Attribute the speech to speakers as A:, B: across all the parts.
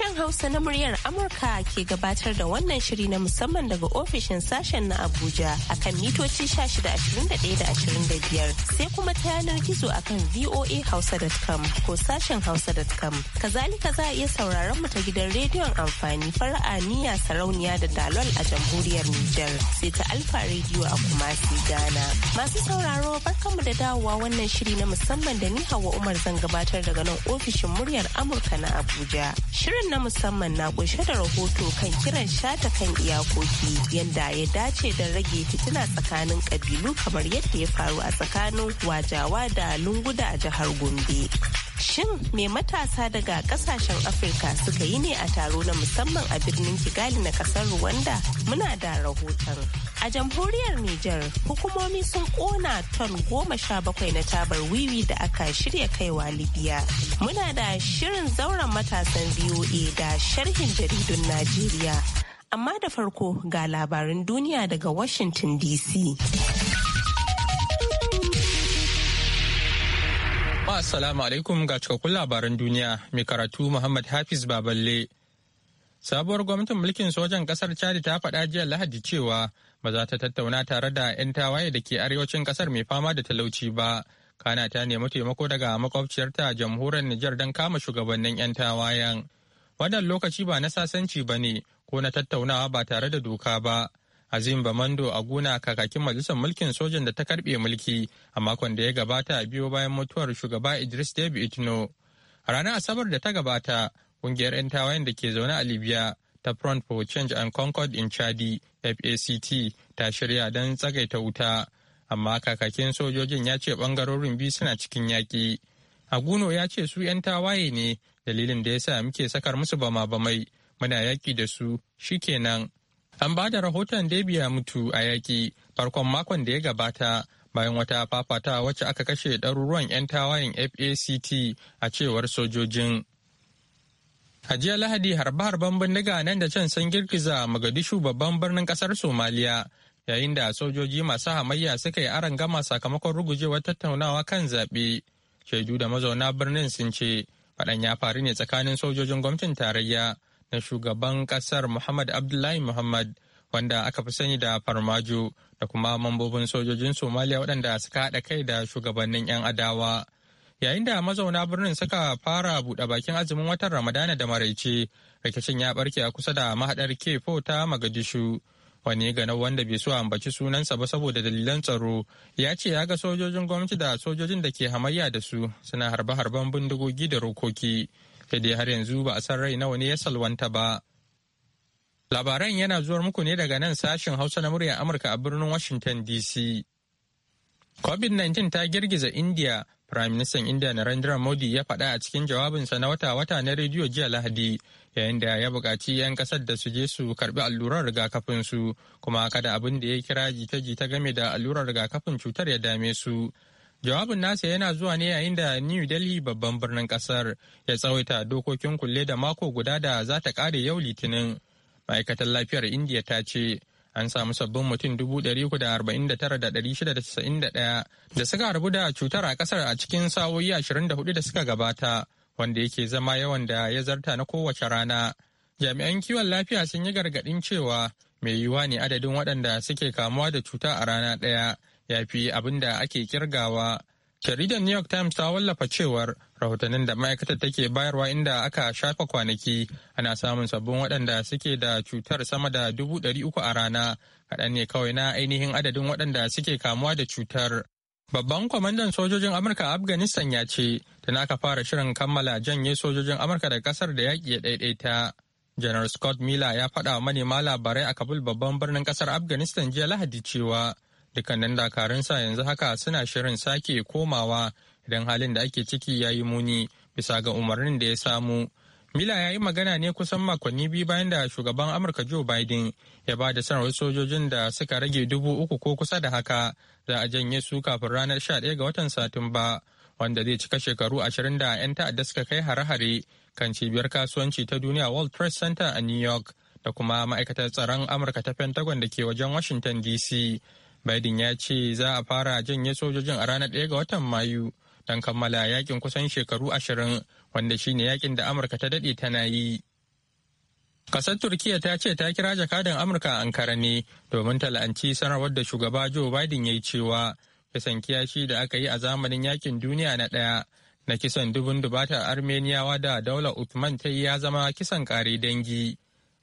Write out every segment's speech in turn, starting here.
A: Sashen Hausa na muryar Amurka ke gabatar da wannan shiri na musamman daga ofishin sashen na Abuja akan mitoci 1621 sai kuma ta yanar gizo akan voahausa.com ko sashen hausa.com. Kazalika za a iya sauraron mu ta gidan rediyon amfani fara'a niyya sarauniya da dalol a jamhuriyar Nijar sai ta Alfa rediyo a Kumasi Ghana. Masu sauraro barkanmu da dawowa wannan shiri na musamman da ni Hauwa Umar zan gabatar daga nan ofishin muryar Amurka na Abuja. Shirin na musamman na kunshe da rahoto kan kiran shata kan iyakoki yadda ya dace da rage fitina tsakanin kabilu kamar yadda ya faru a tsakanin wajawa da lunguda a jihar Gombe. Shin me matasa daga kasashen Afirka suka yi ne a taro na musamman a birnin Kigali na kasar Rwanda? Muna da rahoton. A jamhuriyar Nijar, hukumomi sun kona ton goma sha bakwai na tabar wiwi da aka shirya kaiwa Libya. Muna da shirin zauren matasan VOA da sharhin jaridun Najeriya. Amma da farko ga labarin duniya daga Washington DC.
B: Assalamu alaikum ga cikakkun labaran duniya mai karatu Muhammad Hafiz Baballe. Sabuwar gwamnatin mulkin sojan kasar Chad ta faɗa jiya Lahadi cewa ba za ta tattauna tare da 'yan tawaye da ke arewacin kasar mai fama da talauci ba kana ta nemi taimako daga makwabciyarta jamhuriyar nijar don kama shugabannin 'yan tawayen wannan lokaci ba na sasanci ba ne ko na tattaunawa ba tare da doka ba Azim Bamando a Aguna kakakin majalisar mulkin sojan da ta karbe mulki a makon da ya gabata biyo bayan mutuwar shugaba Idris deb Itno. A ranar Asabar da ta gabata, ƙungiyar 'yan tawayen da ke zaune a Libya ta Front for Change and Concord in Chadi fact ta shirya don tsagaita wuta amma kakakin sojojin ya ce ɓangarorin biyu suna cikin yaƙi aguno ya ce su 'yan tawaye ne dalilin da ya sa muke sakar musu bama-bamai muna yaƙi da su shikenan an ba da rahoton debiya mutu a yaƙi farkon makon da ya gabata bayan wata fafata wacce aka kashe ɗaruruwan 'yan tawayen fact a cewar sojojin A jiya Lahadi harbe-harben bindiga nan da can sun girgiza Magadishu babban birnin kasar Somaliya yayin da sojoji masu hamayya suka yi aron gama sakamakon rugujewar tattaunawa kan zaɓe. Shaidu da mazauna birnin sun ce faɗan ya faru ne tsakanin sojojin gwamnatin tarayya na shugaban kasar Muhammad Abdullahi Muhammad wanda aka fi sani da Farmajo da kuma mambobin sojojin Somaliya waɗanda suka haɗa kai da shugabannin 'yan adawa. yayin da mazauna birnin suka fara buɗe bakin azumin watan ramadana da maraice rikicin ya barke a kusa da mahaɗar kefo ta magadishu wani ganin wanda bai so ambaci sunansa ba saboda dalilan tsaro ya ce ya ga sojojin gwamnati da sojojin da ke hamayya da su suna harbe-harben bindigogi da rokoki sai dai har yanzu ba a san rai nawa ne ya salwanta ba labaran yana zuwar muku ne daga nan sashen hausa na muryar amurka a birnin washington dc covid-19 ta girgiza india Prime Minister India Narendra Modi ya faɗa a cikin jawabinsa na wata-wata na rediyo jiya Lahadi yayin da ya buƙaci 'yan ƙasar da su je su karɓi allurar rigakafin su kuma kada abin da ya kira jita-jita game da allurar rigakafin cutar ya dame su. Jawabin nasa yana zuwa ne yayin da New Delhi babban birnin ƙasar ya tsawaita dokokin kulle da mako guda da za ta ƙare yau Litinin. Ma'aikatar lafiyar India ta ce an samu sabbin mutum 349,691 da suka harbu da cutar a kasar a cikin sa'o'i 24 da suka gabata wanda yake zama yawan da ya zarta na kowace rana. Jami'an kiwon lafiya sun yi gargaɗin cewa mai yiwuwa ne adadin waɗanda suke kamuwa da cuta a rana ɗaya ya fi abin da ake kirgawa Jaridar New York Times ta wallafa cewar rahotannin da ma'aikatar take bayarwa inda aka shafa kwanaki ana samun sabbin waɗanda suke da cutar sama da dubu ɗari uku a rana kaɗan ne kawai na ainihin adadin waɗanda suke kamuwa da cutar. Babban kwamandan sojojin Amurka a Afghanistan ya ce da na aka fara shirin kammala janye sojojin Amurka da ƙasar da yaƙi ya ɗaiɗaita. General Scott Miller ya faɗa wa manema labarai a Kabul babban birnin ƙasar Afghanistan jiya Lahadi cewa Dukkanin dakarun sa yanzu haka suna shirin sake komawa idan halin da ake ciki ya yi muni bisa ga umarnin da ya samu. Mila ya yi magana ne kusan makonni biyu bayan da shugaban Amurka Joe Biden ya ba da sanarwar sojojin da suka rage dubu uku ko kusa da haka za a janye su kafin ranar sha ɗaya ga watan Satumba wanda zai cika shekaru ashirin da 'yan ta'adda suka kai hare-hare kan cibiyar kasuwanci ta duniya World Trade Center a New York da kuma ma'aikatar tsaron Amurka ta Pentagon da ke wajen Washington DC Biden ya ce za a fara janye sojojin a ranar 1 ga watan Mayu don kammala yakin kusan shekaru ashirin wanda shi ne yakin da Amurka ta daɗe tana yi. Kasar Turkiyya ta ce ta kira jakadan Amurka a Ankara ne domin ta sanarwar da shugaba Joe Biden ya yi cewa kisan kiyashi da aka yi a zamanin yakin duniya na ɗaya na kisan dubun dubatar Armeniyawa da daular Uthman ta yi ya zama kisan kare dangi.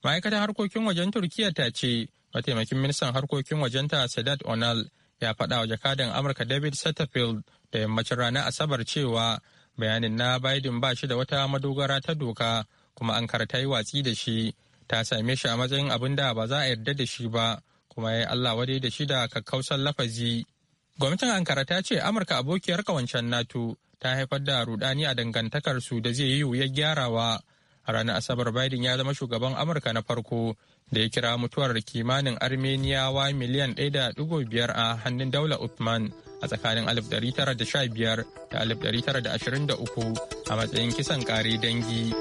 B: ma'aikatar harkokin wajen Turkiyya ta ce mataimakin ministan harkokin wajenta sadat onal ya faɗa wa jakadan amurka david satterfield da yammacin ranar asabar cewa bayanin na biden ba shi da wata madogara ta doka kuma an karta yi watsi da shi ta same shi a matsayin abin da ba za a yarda da shi ba kuma ya yi allah wade da shi da kakkausar lafazi gwamnatin ankara ta ce amurka abokiyar kawancen nato ta haifar da rudani a dangantakar su da zai yi wuyar gyarawa a ranar asabar biden ya zama shugaban amurka na farko da ya kira mutuwar kimanin armeniyawa miliyan 1.5 a hannun daular Uthman a tsakanin 1915 da 1923 a matsayin kisan kare dangi.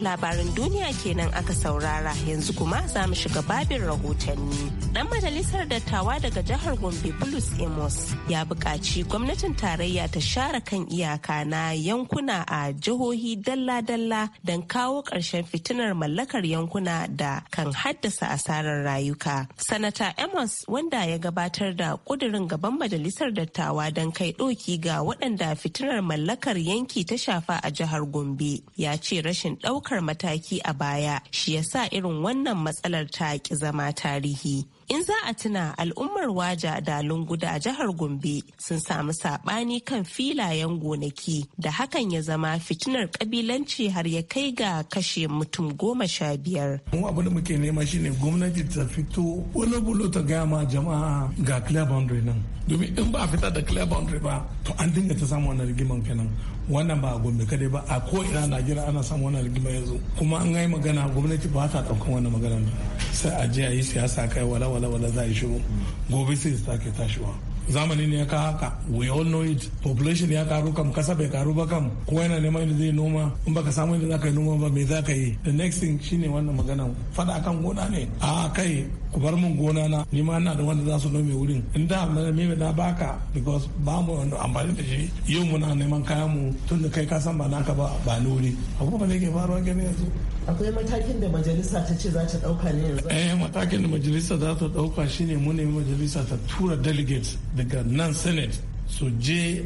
A: Labarin duniya kenan aka saurara yanzu kuma za mu shiga babin rahotanni. Dan majalisar dattawa daga jihar Gombe Bulus Amos ya buƙaci gwamnatin tarayya ta share kan iyaka na yankuna a jihohi dalla-dalla don kawo ƙarshen fitinar mallakar yankuna da kan haddasa asarar rayuka. Sanata Amos wanda ya gabatar da ƙudurin gaban majalisar dattawa don kai ɗoki ga waɗanda fitinar mallakar yanki ta shafa a jihar Gombe ya ce rashin ɗaukar mataki a baya shi ya sa irin wannan matsalar ta ki zama tarihi. in za a tuna al'ummar waja da lunguda a jihar gombe sun samu saɓani kan filayen gonaki da hakan ya zama fitinar kabilanci har ya kai ga kashe mutum goma sha biyar.
C: mu abu da muke nema shine gwamnati ta fito bulo ta gaya ma jama'a ga clear boundary nan domin in ba a fita da clear boundary ba to an dinga ta samu wannan rigiman kenan wannan ba a gombe kada ba a ko ina najeriya ana samun wannan rigima yanzu kuma an yi magana gwamnati ba ta daukan wannan magana sai a je a yi siyasa kai wala wala wala za a yi shiru gobe sai su sake tashiwa zamani ne ya ka haka we all know it population ya karu kam kasa bai karu ba kam ko yana neman inda zai noma in baka samu inda zaka yi noma ba me zaka yi the next thing shine wannan magana fada kan gona ne a kai ku bar mun gona na ni ma ina da wanda za su nome wurin in da me na baka because ba mu amfani da shi yau muna neman kayan mu tun da kai ka san ba naka ba ba nuri abubuwan da ke faruwa gani yanzu akwai matakin da majalisa ta ce za ta dauka ne yanzu eh matakin da majalisa za ta dauka shine mu ne majalisa ta tura delegates daga nan senate su je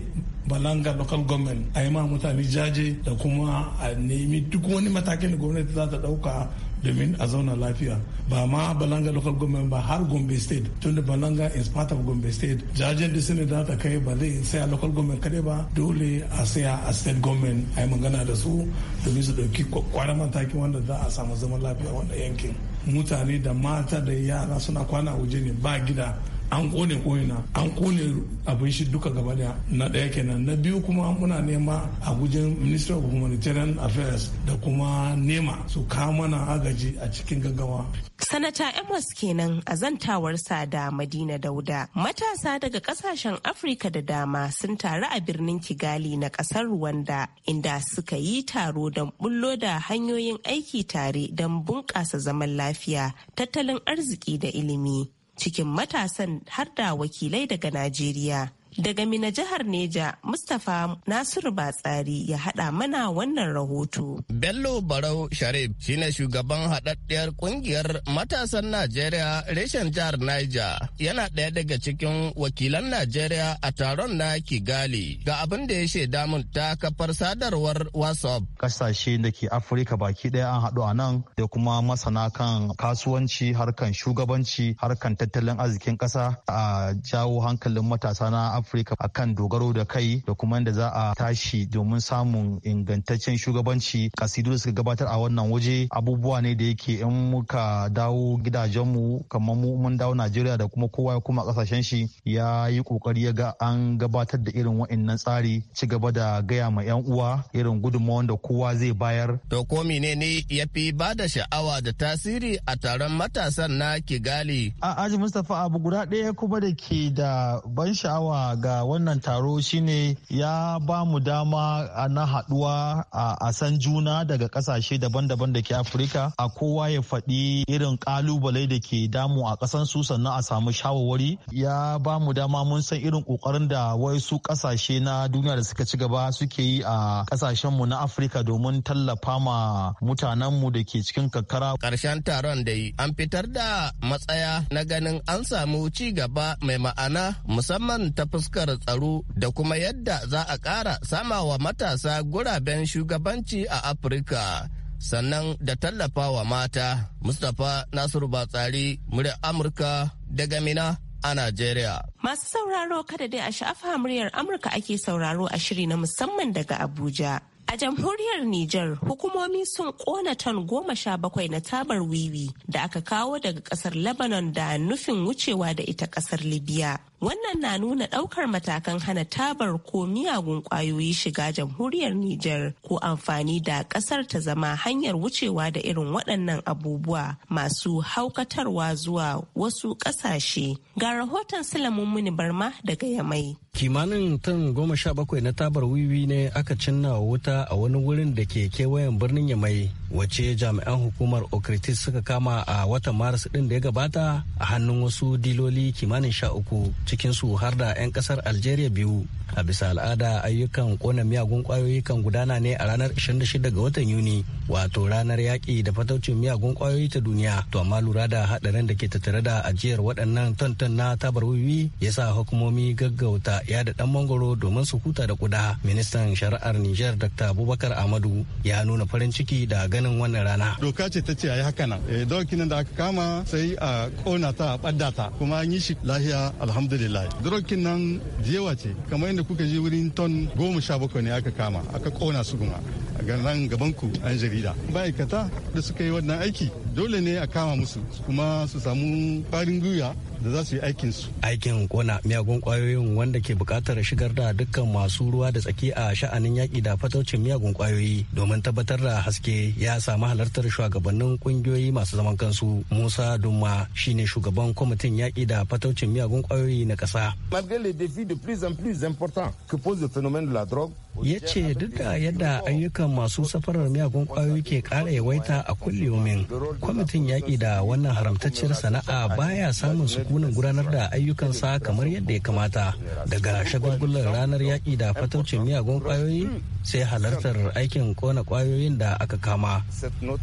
C: balanga local government a yi ma mutane jaje da kuma a nemi duk wani matakin da gwamnati za ta dauka domin a zauna lafiya ba ma balanga local government ba har gombe state tunda balanga is part of gombe state jajen da sun da ta kai ba zai saya local government kadai ba dole a saya a state government a yi magana da su domin su dauki kwanan mataki wanda za a samu zaman lafiya wanda yankin mutane da mata da yara suna kwana a waje ne ba gida an kone koina an kone abin shi duka gaba daya na daya kenan na biyu kuma muna nema a gujen minister of humanitarian affairs da kuma nema su ka mana agaji a cikin gaggawa
A: sanata amos kenan a zantawarsa da madina dauda matasa daga kasashen afirka da dama sun taru a birnin kigali na kasar rwanda inda suka yi taro don bullo da hanyoyin aiki tare don bunƙasa zaman lafiya tattalin arziki da ilimi cikin matasan har da wakilai daga Najeriya. Daga Mina jihar Neja, Mustapha Nasiru Batsari ya haɗa mana wannan rahoto.
D: Bello Barau Sharif shine shugaban haɗaɗɗiyar ƙungiyar matasan Najeriya reshen jihar Niger. Yana ɗaya daga cikin wakilan Najeriya a taron na Kigali. Ga abin da ya shaida mun ta kafar sadarwar WhatsApp.
E: Kasashe da ke Afirka baki ɗaya an haɗu a nan da kuma masana kan kasuwanci, harkan shugabanci, harkan tattalin arzikin ƙasa a jawo hankalin matasa na a kan dogaro da kai da kuma da za a tashi domin samun ingantaccen shugabanci kasidu da suka gabatar a wannan waje abubuwa ne da yake in muka dawo gidajenmu kamar mu mun dawo najeriya da kuma kowa ya kuma kasashen shi ya yi kokari ya ga an gabatar da irin wa'annan tsari ci gaba da gaya ma yan uwa irin gudunmawar da kowa zai bayar
D: to ko menene ya fi ba da sha'awa da tasiri a taron matasan na kigali
E: a aji mustapha abu guda ɗaya kuma da ke da ban sha'awa ga wannan taro shine ya ba mu dama na haduwa a san juna daga kasashe daban-daban da ke Afirka a kowa ya faɗi irin kalubale da ke damu a kasan su sannan a samu shawarwari ya ba mu dama mun san irin ƙoƙarin da wasu kasashe na duniya da suka ci gaba suke yi a mu na Afirka domin tallafa ma mutanenmu da ke cikin kakkara.
D: karshen taron da an fitar da matsaya na ganin an samu ci gaba mai ma'ana musamman ta fuskar tsaro da kuma yadda za a ƙara samawa matasa guraben shugabanci a Afirka. Sannan da tallafawa mata, Mustapha Nasiru Batsari, murya Amurka daga Mina a Najeriya.
A: Masu sauraro kada dai a sha'afa muryar Amurka ake sauraro a shiri na musamman daga Abuja. A jamhuriyar Nijar, hukumomi sun kona ton goma sha bakwai na tabar wiwi da aka kawo daga kasar Lebanon da nufin wucewa da ita kasar Libya. Wannan na nuna ɗaukar matakan hana tabar ko miyagun ƙwayoyi shiga jamhuriyar Nijar ko amfani da ƙasar ta zama hanyar wucewa da irin waɗannan abubuwa masu haukatarwa zuwa wasu ƙasashe. Ga rahoton Sulamun Muni Barma daga Yamai.
F: kimanin tan goma sha bakwai na tabar wiwi ne aka cinna wuta a wani wurin da ke kewayen birnin yamai wace jami'an hukumar okritis suka kama a watan maris ɗin da ya gabata a hannun wasu diloli kimanin sha uku cikinsu har da 'yan kasar algeria biyu a bisa al'ada ayyukan kona miyagun kwayoyi kan gudana ne a ranar 26 ga watan yuni wato ranar yaƙi da fataucin miyagun kwayoyi ta duniya to amma lura da haɗarin da ke tattare da ajiyar waɗannan tantan na tabar wiwi ya sa hukumomi gaggauta ya da ɗan mangoro domin su huta da kuda ministan shari'ar niger dr abubakar amadu ya nuna farin ciki da ganin wannan rana
C: doka ce ta ce a yi haka nan eh, daukin da aka kama sai a kona ta a ɓadda ta kuma an yi shi lahiya alhamdulillah alhamdulillah drokin nan jewa ce kamar yadda kuka je wurin ton goma sha bakwai ne aka kama aka kona su kuma a gaban gabanku an jarida ma'aikata da suka yi wannan aiki dole ne a kama musu kuma su samu farin gwiwa da za su yi aikin su aikin
F: kona miyagun kwayoyin wanda ke bukatar shigar da dukkan masu ruwa da tsaki a sha'anin yaƙi da fataucin miyagun kwayoyi domin tabbatar da haske ya samu halartar shugabannin kungiyoyi masu zaman kansu musa dumma shine shugaban kwamitin yaƙi da fataucin miyagun kwayoyi na
G: ƙasa malgré les défis de plus en plus importants que pose le phénomène de la drogue ya ce duk da
F: yadda ayyukan masu safarar miyagun kwayoyi ke ƙara yawaita a kullumin kwamitin yaƙi da wannan haramtacciyar sana'a baya samun sukunin gudanar da ayyukansa kamar yadda ya kamata daga shagulgular ranar yaƙi da fataucin miyagun kwayoyi sai halartar aikin kona kwayoyin da aka kama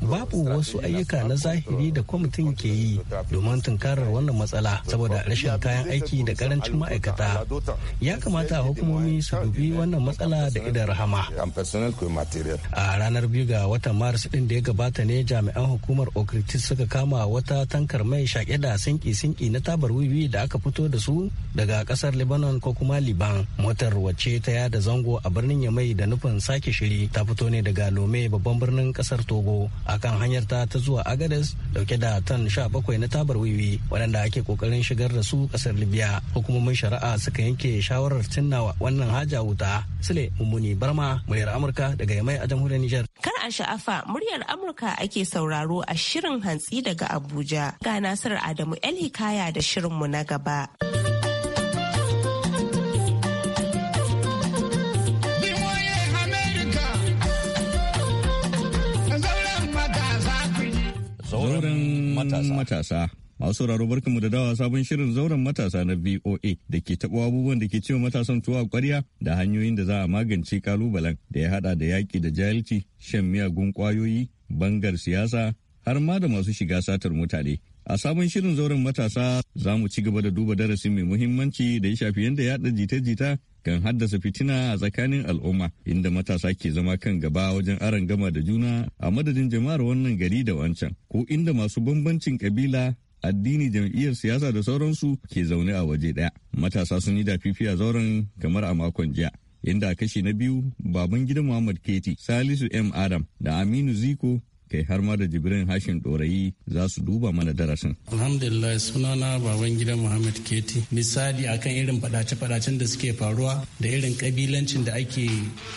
F: babu wasu ayyuka na zahiri da kwamitin ke yi domin tunkarar wannan matsala saboda rashin kayan aiki da karancin ma'aikata ya kamata hukumomi su dubi wannan matsala da da rahama. A ranar biyu ga watan Maris din da ya gabata ne jami'an hukumar Okritis suka kama wata tankar mai shaƙe da sinki-sinki na tabar wiwi da aka fito da su daga ƙasar Lebanon ko kuma Liban. Motar wacce ta yada zango a birnin Yamai da nufin sake shiri ta fito ne daga Lome babban birnin ƙasar Togo akan hanyar ta ta zuwa Agadez dauke da tan 17 na tabar wiwi waɗanda ake ƙoƙarin shigar da su ƙasar Libya. Hukumomin shari'a suka yanke shawarar cinnawa wannan haja wuta. Sule Mummuni Barma muryar Amurka daga Yamai a jamhuriyar Nijar.
A: Kar a sha'afa muryar Amurka ake sauraro a shirin hantsi daga Abuja. Ga Nasiru Adamu El Hikaya da shirinmu na gaba.
H: Zauren matasa. Masu sauraro mu da dawa sabon shirin zauren matasa na VOA da ke taɓa abubuwan da ke cewa matasan tuwa kwarya da hanyoyin da za a magance kalubalen da ya hada da yaƙi da jahilci, shan miyagun kwayoyi bangar siyasa, har ma da masu shiga satar mutane. A sabon shirin zauren matasa za mu ci gaba da duba darasi mai muhimmanci da ya shafi yadda yaɗa jita-jita kan haddasa fitina a tsakanin al'umma inda matasa ke zama kan gaba wajen aron gama da juna a madadin jama'ar wannan gari da wancan ko inda masu bambancin kabila addini jam'iyyar siyasa da sauransu ke zaune a waje ɗaya matasa sun yi dafifi a zauren kamar a makon jiya inda kashi na biyu baban gidan muhammad keti salisu m adam da aminu ziko kai har ma da jibrin hashin ɗorayi za su duba mana darasin.
I: Alhamdulillah sunana baban gidan Muhammad Keti misali akan irin fadace-fadacen da suke faruwa da irin kabilancin da ake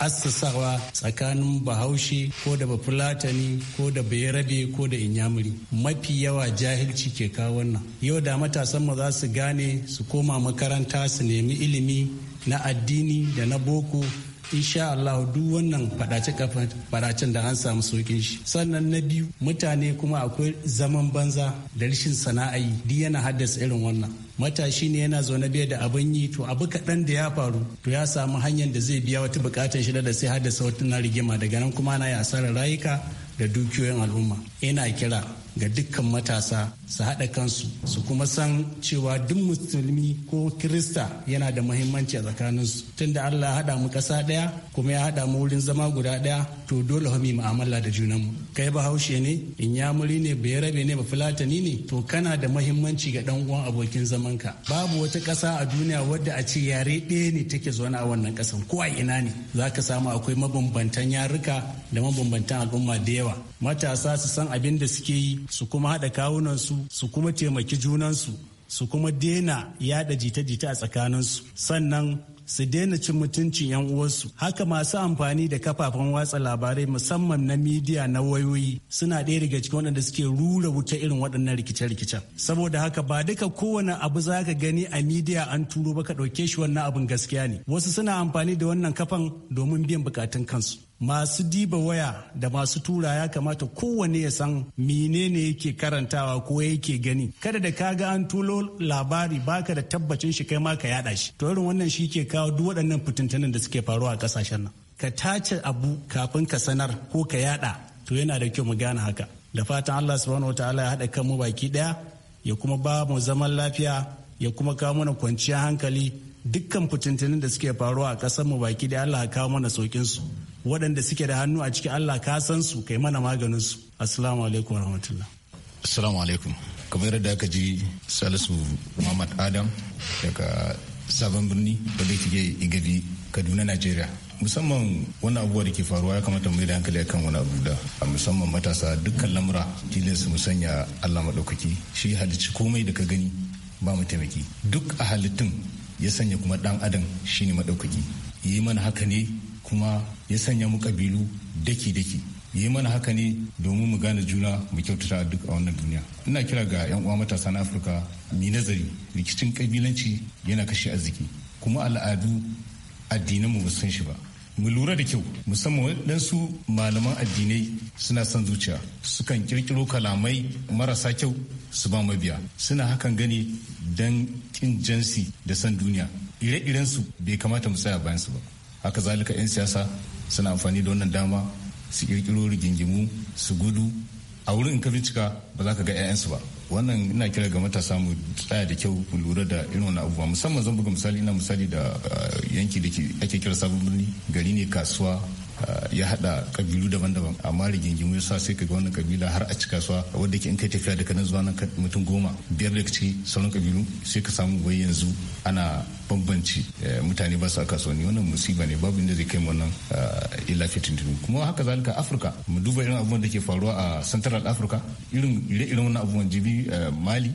I: assasawa tsakanin bahaushe ko da bafulatani ko da bayarabe ko da inyamuri mafi yawa jahilci ke kawo wannan yau da matasan mu za su gane su koma makaranta su nemi ilimi na addini da na boko insha Allah duk wannan fadace-fadacen da an samu saukin shi sannan na biyu mutane kuma akwai zaman banza da rashin sana'ayi duk yana haddasa irin wannan matashi ne yana zaune biya da abin yi to abu kaɗan da ya faru to ya samu hanyar da zai biya wata bukatar shi da sai haddasa wata rigima daga nan kuma ana yi rayuka da dukiyoyin al'umma ina kira ga dukkan matasa su haɗa kansu su kuma san cewa duk musulmi ko kirista yana da mahimmanci a tsakaninsu tunda allah ya haɗa mu ƙasa ɗaya kuma ya haɗa mu wurin zama guda ɗaya to dole hami mu'amala da junan mu. kai bahaushe ne inyamuri ne rabe ne ba fulatani ne to kana da mahimmanci ga ɗan uwan abokin zamanka babu wata ƙasa a duniya wadda a ce yare ɗaya ne take zaune a wannan ƙasan ko a ina ne za ka samu akwai mabambantan yaruka da mabambantan al'umma da yawa matasa su san abin da suke yi su kuma haɗa kawunansu su kuma taimaki junansu su kuma daina yada jita-jita a tsakaninsu sannan su daina cin mutuncin 'yan uwansu haka masu amfani da kafafen watsa labarai musamman na midiya na wayoyi suna ɗaya daga cikin waɗanda suke rura wuta irin waɗannan rikice-rikicen saboda haka ba duka kowane abu za ka gani a midiya an turo ba ka ɗauke shi wannan abin gaskiya ne wasu suna amfani da wannan kafan domin biyan bukatun kansu masu diba waya da masu tura ya kamata kowane ya san menene yake karantawa ko yake gani kada da ka ga an tulo labari baka da tabbacin shi kai ma ka yada shi to irin wannan shi ke kawo duk waɗannan fitintunan da suke faruwa a kasashen nan ka tace abu kafin ka sanar ko ka yada to yana da kyau mu gane haka da fatan Allah subhanahu wataala ya haɗa kanmu baki ɗaya ya kuma ba mu zaman lafiya ya kuma kawo mana kwanciyar hankali dukkan fitintunan da suke faruwa a ƙasar mu baki ɗaya Allah ya kawo mana saukin su waɗanda suke da hannu a cikin Allah ka san su kai mana maganin su assalamu alaikum warahmatullah
J: assalamu alaikum kamar yadda aka ji salisu muhammad adam daga sabon birni wadda igadi kaduna nigeria musamman wani abubuwa da ke faruwa ya kamata mu da hankali akan wani abu da a musamman matasa dukkan lamura tilin su musanya Allah maɗaukaki shi halicci komai da ka gani ba mu taimaki duk a halittun ya sanya kuma ɗan adam shine maɗaukaki yi mana haka ne kuma ya sanya mu kabilu daki-daki yi mana haka ne domin mu gane juna mu kyautata duk a wannan duniya ina kira ga 'yan uwa matasa na afirka mai nazari rikicin kabilanci yana kashe arziki kuma al'adu addinan mu san shi ba mu lura da kyau musamman waɗansu malaman addinai suna son zuciya sukan kirkiro kalamai marasa kyau su ba mabiya suna hakan gani don kin jansi da san duniya ire-irensu bai kamata mu tsaya bayansu ba haka zalika 'yan siyasa suna amfani da wannan dama su kirkiro rigingimu su gudu a wurin ka bincika ba za ka ga 'ya'yansu ba wannan ina kira ga matasa mu tsaya da kyau mu lura da irin wani abubuwa musamman zan buga misali ina misali da ah, yanki da ake kira sabon birni gari ne kasuwa ya hada kabilu daban-daban amma rigingimu yasa sai ka ga wannan kabila har a cika suwa wadda ke in kai tafiya daga nan zuwa nan mutum goma biyar daga ciki sauran kabilu sai ka samu wai yanzu ana bambanci eh, mutane ba su a kasuwanni wannan musiba ne babu inda zai kai wannan eh, illa fitintunu kuma haka zalika afirka mu duba irin abubuwan da ke faruwa a central africa irin ire-iren wannan abubuwan jibi eh, mali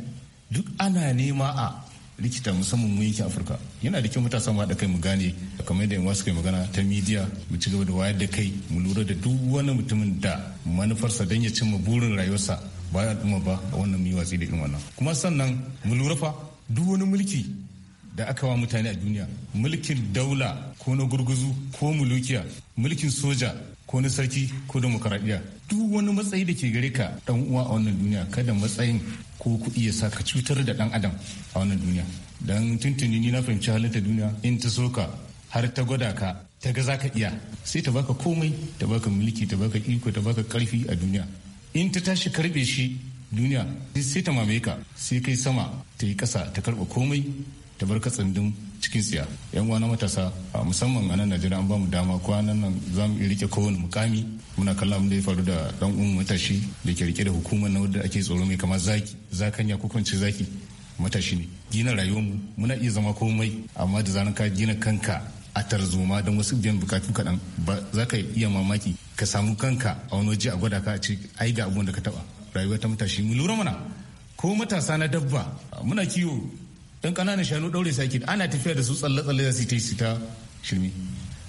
J: duk ana nema a likita musamman mu yake afirka yana da kyau matasa mu haɗa kai mu gane kamar yadda wasu kai magana ta midiya mu ci gaba da wayar da kai mu lura da duk wani mutumin da manufarsa don ya cimma burin rayuwarsa ba ya al'umma ba a wannan mu watsi da irin wannan kuma sannan mu lura fa duk wani mulki da aka wa mutane a duniya mulkin daula ko na gurguzu ko mulukiya mulkin soja ko na sarki ko demokaradiyya duk wani matsayi da ke gare ka dan uwa a wannan duniya kada matsayin ko kuɗi ya sa ka cutar da ɗan adam a wannan duniya don tuntuni ni na fahimci halin ta duniya in ta so ka har ta gwada ka ta ga za ka iya sai ta baka komai ta baka mulki ta baka iko ta baka karfi a duniya in ta tashi karbe shi duniya sai ta mamaye ka sai kai sama ta yi ƙasa ta karɓa komai ta bar katsandin cikin tsiya yan uwa na matasa musamman a nan najeriya an bamu dama kwanan nan za mu rike kowane mukami muna kalla abin da ya faru da dan uwan matashi da ke rike da hukumar na wadda ake tsoro mai kama zaki zakanya ko kwanci zaki matashi ne gina rayuwar mu muna iya zama komai amma da zaran ka gina kanka a tarzoma don wasu biyan bukatun kaɗan ba za ka iya mamaki ka samu kanka a wani waje a gwada ka a ce ai ga abun da ka taɓa. rayuwar ta matashi mu lura mana ko matasa na dabba muna kiwo dan kananan shanu daure saki ana tafiya da su tsalle tsalle za su ta su ta shirme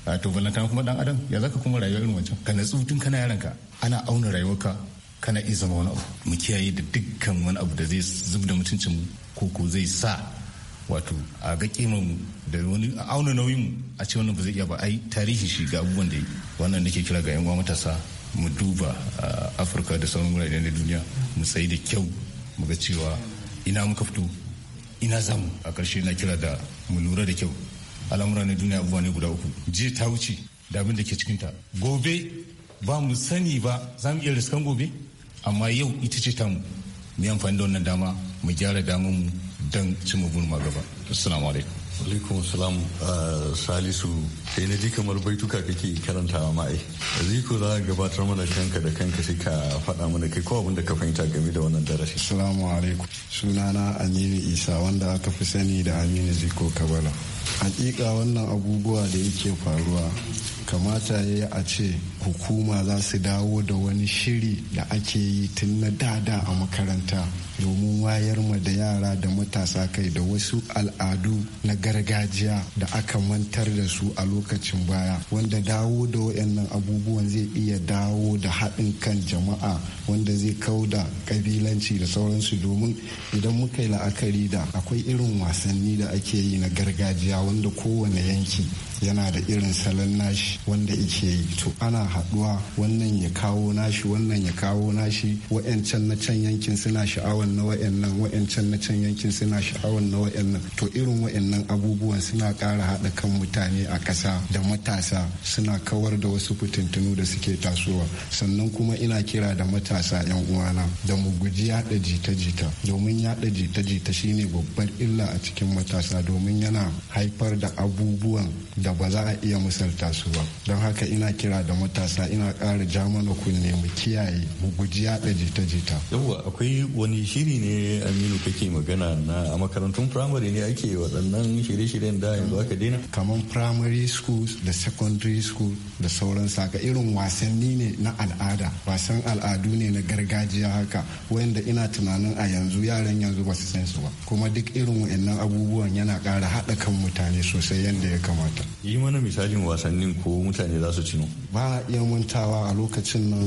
J: a to balantana kuma dan adam ya zaka kuma rayuwa irin wancan ka natsu tun kana yaranka ana auna rayuwarka kana iya zama wani abu mu kiyaye da dukkan wani abu da zai zub da mutuncin mu ko ko zai sa wato a ga kimar mu da wani a auna nauyin mu a ce wannan ba zai iya ba ai tarihi shi ga abubuwan da wannan nake kira ga yan uwa matasa mu duba afirka da sauran wurare na duniya mu sai da kyau mu ga cewa ina muka fito ina zamu a ƙarshe na kira da mu lura da kyau al'amura na duniya abubuwa ne guda uku jiya ta wuce da abin da ke cikinta gobe ba mu sani ba za mu iya riskan gobe amma yau ita ce tamu mu yi amfani da wannan dama mu gyara damar mu don cimma ma gaba
H: assalamu alaikum alaikum salam ah, salisu sai na ji kamar baituka kake karantawa ma'ai
K: aziko za ka gabatar mana kanka da kanka sai ka faɗa mana kai ko abin da ka fahimta game da wannan darasi salamu alaikum sunana aminu isa wanda aka fi sani da aminu ziko kabala hakika wannan abubuwa da yake faruwa kamata ya yi a ce hukuma za su dawo da wani shiri da ake yi tun na dada a makaranta domin wayar ma da yara da matasa kai da wasu al'adu na gargajiya da aka mantar da su a lokacin baya wanda dawo da wayannan abubuwan zai iya dawo da haɗin kan jama'a wanda zai kau da ƙabilanci da sauransu domin idan muka yi la'akari da akwai irin wasanni da ake yi na gargajiya wanda kowane yanki yana da irin salon nashi wanda yake yi to ana haɗuwa wannan ya kawo nashi wannan ya kawo nashi wa'yancan na can yankin suna sha'awan na wa'yannan wa'yancan na can yankin suna sha'awan na wa'yannan to irin wa'yannan abubuwan suna kara haɗa kan mutane a ƙasa da matasa suna kawar da wasu fitintunu da suke tasowa sannan kuma ina kira da matasa 'yan uwana da mu guji yaɗa jita-jita domin yada jita-jita shine babbar illa a cikin matasa domin yana haifar da abubuwan da da ba za a iya misalta su ba don haka ina kira da matasa ina kara ja mana kunne mu kiyaye mu guji yaɗa jita-jita
H: yawwa akwai wani shiri ne aminu kake magana na a makarantun firamare ne ake waɗannan shirye-shiryen
K: da yanzu aka daina kamar primary schools da secondary school da sauran saka irin wasanni ne na al'ada wasan al'adu ne na gargajiya haka wanda ina tunanin a yanzu yaran yanzu ba su san su ba kuma duk irin wa'annan abubuwan yana ƙara haɗa kan mutane sosai yadda ya kamata
H: yi mana misalin wasannin ko mutane za su cino
K: ba iya mantawa a lokacin nan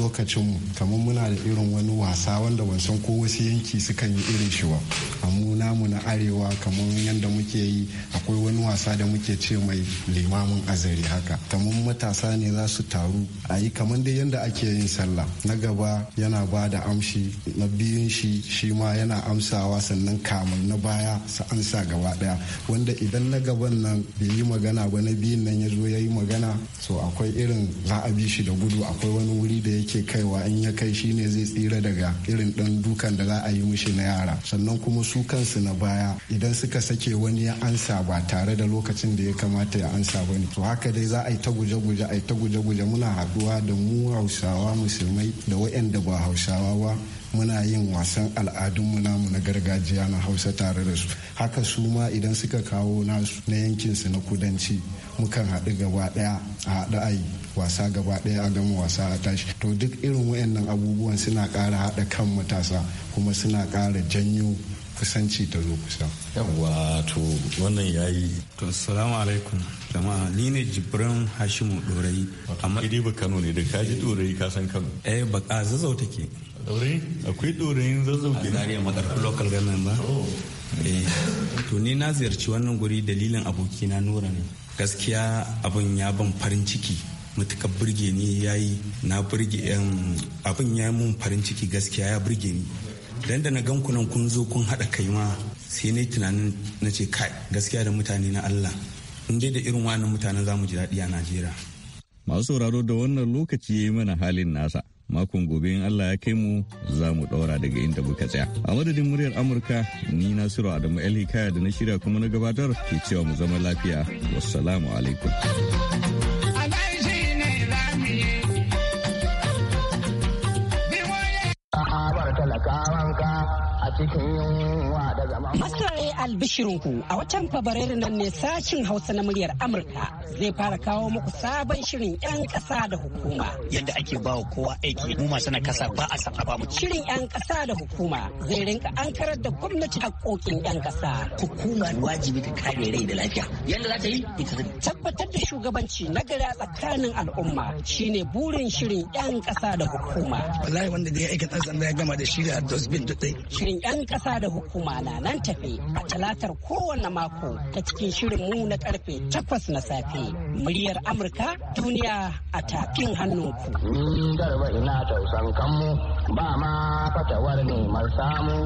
K: lokacin kamar muna da irin wani wasa wanda ban ko wasu yanki sukan yi irin shi ba amma namu na arewa kamar yadda muke yi akwai wani wasa da muke ce mai limamin azari haka kamar matasa ne za su taru a yi kamar dai yadda ake yin sallah na gaba yana ba da amshi na biyun shi shi ma yana amsawa sannan kamar na baya su amsa gaba daya wanda idan na gaban nan bai yi magana ba na biyun nan ya zo ya yi magana so akwai irin za a bi shi da gudu akwai wani wuri da yake kaiwa in ya kai shi ne zai tsira daga irin ɗan dukan da za a yi mishi na yara sannan kuma su kansu na baya idan suka sake wani ya ansa ba tare da lokacin da ya kamata ya ansa ba ne to haka dai za a yi ta guje-guje a yi ta guje-guje muna haduwa da mu hausawa musulmai da waɗanda ba hausawa ba muna yin wasan al'adunmu namu na gargajiya na hausa tare da su haka su ma idan suka kawo nasu na yankinsu na kudanci mukan haɗu gaba ɗaya a haɗu a yi wasa gaba ɗaya a gama wasa a tashi to duk irin wayannan abubuwan suna ƙara haɗa kan matasa kuma suna ƙara janyo kusanci ta zo kusa.
H: yawwa to wannan ya yi to assalamu alaikum jama'a ni ne jibrin hashimu dorayi amma idi ba kano ne da kaji dorayi ka san kano eh ba ka zazzau take dorayi akwai dorayin zazzau ke zariya madarku lokal ganin ba oh. eh, to ni na ziyarci wannan guri dalilin abokina nura ne gaskiya abin ya ban farin ciki mutuka burge ni ya yi na burge abin ya mun farin ciki gaskiya ya burge ni dan da na gan ku nan kun zo kun haɗa kai ma sai na tunanin na ce kai gaskiya da mutane na Allah in dai da irin wannan mutanen za mu ji daɗi a Najeriya. Masu sauraro da wannan lokaci ya yi mana halin nasa. makon gobe in Allah ya kai mu za mu daura daga inda muka tsaya. A madadin muryar Amurka ni Nasiru Adamu El Hikaya da na shirya kuma na gabatar ke cewa mu zama lafiya. Wassalamu alaikum.
A: a cikin yunwa da zama. Masarai albishirinku a watan Fabrairu nan ne sashin Hausa na muryar Amurka zai fara kawo muku sabon shirin 'yan ƙasa da hukuma.
F: Yadda ake ba wa kowa aiki mu masu na kasa ba a san ba mu.
A: Shirin 'yan ƙasa da hukuma zai rinka karar da gwamnati haƙoƙin 'yan ƙasa. Hukuma wajibi ta kare rai da lafiya. Yadda za ta yi ita zai. Tabbatar da shugabanci na gari a tsakanin al'umma
F: shine burin shirin 'yan ƙasa da hukuma. Wallahi wanda da ya aikata sanda ya gama da shirya dosbin dutse.
A: Shirin 'yan ƙasa da hukuma na nan tafe a talatar kowane mako ta cikin shirin mu na karfe takwas na safe. Muryar Amurka duniya a tafin hannunku.
D: Ni garba ina tausan kanmu ba ma fatawar neman samu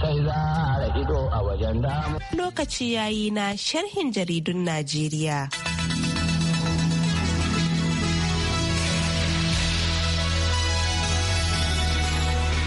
D: sai za a ido a wajen damu.
A: Lokaci yayi na sharhin jaridun Najeriya.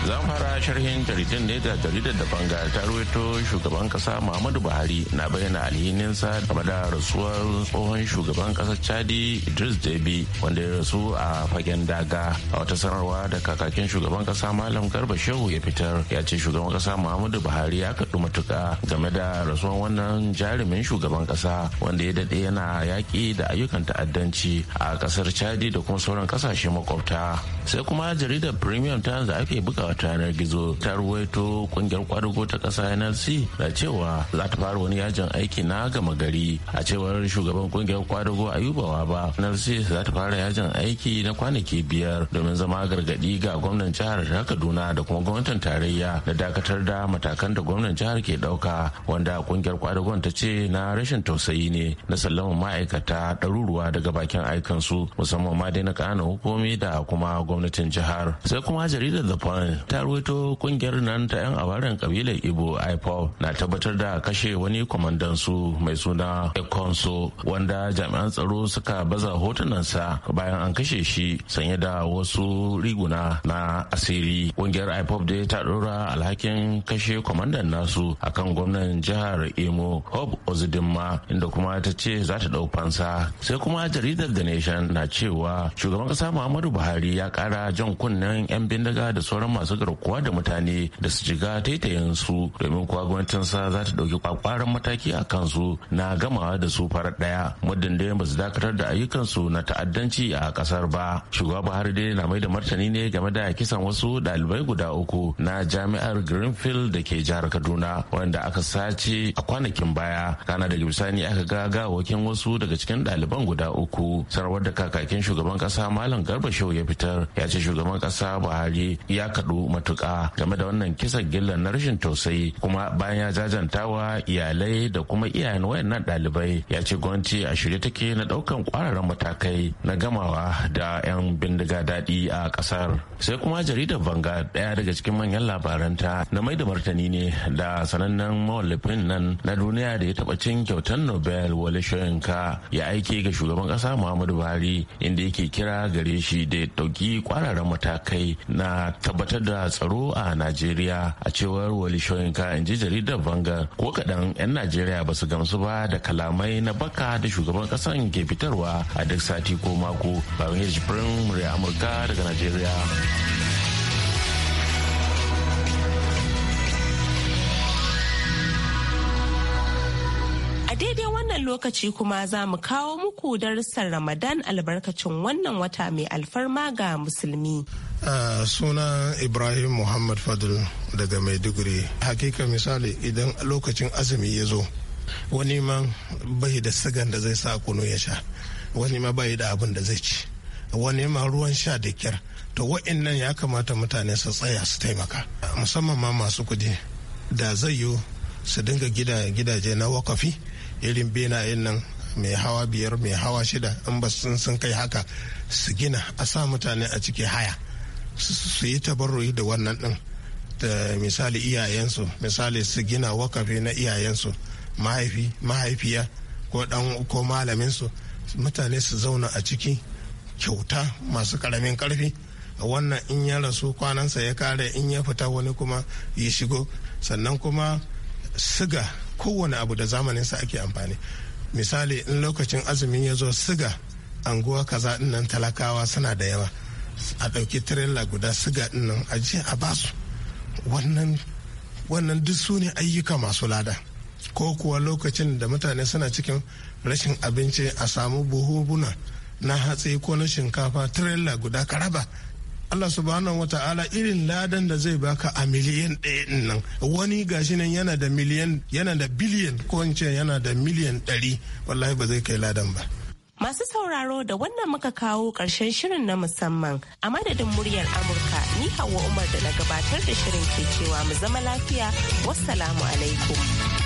L: za fara sharhin jaridun ne da jaridar da banga ta ruwaito shugaban kasa muhammadu buhari na bayyana alhininsa game da rasuwar tsohon shugaban kasar chadi idris debi wanda ya rasu a fagen daga a wata sanarwa da kakakin shugaban kasa malam garba shehu ya fitar ya ce shugaban kasa muhammadu buhari ya kaɗu matuka game da rasuwar wannan jarumin shugaban kasa wanda ya daɗe yana yaƙi da ayyukan ta'addanci a kasar chadi da kuma sauran kasashe makwabta sai kuma jaridar premium ta da ake buga a ta gizo ta ruwaito kungiyar kwadugo ta kasa nlc na cewa za ta fara wani yajin aiki na gama gari a cewar shugaban kungiyar kwadugo ayubawa ba nlc za ta fara yajin aiki na kwanaki biyar domin zama gargadi ga gwamnan jihar ta kaduna da kuma gwamnatin tarayya da dakatar da matakan da gwamnan jihar ke dauka wanda kungiyar kwadugon ta ce na rashin tausayi ne na sallama ma'aikata ɗaruruwa daga bakin aikansu musamman ma dai na ƙananan hukumi da kuma gwamnatin jihar sai kuma jaridar the point ta ruwaito kungiyar nan ta 'yan awaren kabilar ibo Ipo na tabbatar da kashe wani kwamandan su mai suna ekonso wanda jami'an tsaro suka baza hotunansa bayan an kashe shi sanye da wasu riguna na asiri kungiyar Ipo dai ta dora alhakin kashe kwamandan nasu akan gwamnan jihar Emo, hope ozidimma inda kuma ta ce za ta dau fansa sai kuma jaridar the nation na cewa shugaban kasa muhammadu buhari ya kara jan kunnen 'yan bindiga da sauran masu masu garkuwa da mutane da su shiga taitayen su domin kuwa gwamnatin sa za ta ɗauki kwakwaran mataki a kansu na gamawa da su farar ɗaya muddin da ba su dakatar da ayyukansu na ta'addanci a ƙasar ba shugaba buhari dai na mai da martani ne game da kisan wasu dalibai guda uku na jami'ar greenfield da ke jihar kaduna wanda aka sace a kwanakin baya kana daga bisani aka ga gawakin wasu daga cikin ɗaliban guda uku sarwar da kakakin shugaban kasa malam garba shehu ya fitar ya ce shugaban kasa buhari ya kaɗu matuƙa game da wannan kisan gillan na rashin tausayi kuma bayan ya jajantawa iyalai da kuma iyayen wayannan ɗalibai ya ce gwamnati a shirye take na ɗaukan ƙwararren matakai na gamawa da 'yan bindiga daɗi a ƙasar sai kuma jaridar banga ɗaya daga cikin manyan labaranta na mai da martani ne da sanannen mawallafin nan na duniya da ya taɓa cin kyautar nobel wale shoyinka ya aike ga shugaban ƙasa muhammadu buhari inda yake kira gare shi da ya ɗauki ƙwararren matakai na tabbatar da da tsaro a najeriya a cewar wali shoyinka in ji jaridar bangar ko kaɗan 'yan najeriya ba su gamsu ba da kalamai na baka da shugaban ƙasan ke fitarwa a duk sati ko mako babin firin murya amurka daga najeriya
A: daidai wannan lokaci kuma za mu kawo muku darussan Ramadan albarkacin wannan wata mai alfarma ga musulmi.
G: Ah, suna Ibrahim Muhammad Fadl daga Maiduguri. Hakika misali idan lokacin azumi ya zo, wani ma bai da sigan da zai sa kunu ya sha, wani ma bai da abin da zai ci, wani ma ruwan sha da kyar. To nan ya kamata mutane su tsaya su taimaka, musamman ma masu kudi da zai yiwu su dinga gidaje na wakafi. irin benayen nan mai hawa biyar mai hawa shida in ba sun kai haka su gina a sa mutane a ciki haya su yi tabarruyi da wannan din da misali iyayensu misali su gina wakafi na iyayensu mahaifi mahaifiya ko dan ko malaminsu mutane su zauna a ciki kyauta masu karamin karfi wannan in ya rasu kwanansa ya kare in ya fita wani kuma ya shigo sannan kuma siga kowane abu da zamanin zamaninsa ake amfani misali in lokacin azumin ya zo siga anguwa kaza dinnan talakawa suna da yawa a ɗauki tirela guda siga dinnan a je a basu wannan wannan duk su ne ayyuka masu lada ko kuwa lokacin da mutane suna cikin rashin abinci a samu buna na hatsi ko na shinkafa tirela guda ka raba Allah subhanahu ta'ala irin ladan da zai baka a miliyan ɗaya nan wani gashi nan yana da miliyan yana da biliyan ko in ce yana da miliyan ɗari wallahi ba zai kai ladan ba
A: Masu sauraro da wannan muka kawo ƙarshen shirin na musamman a madadin muryar Amurka ni Hauwa Umar da na gabatar da shirin ke cewa mu zama lafiya wassalamu alaikum.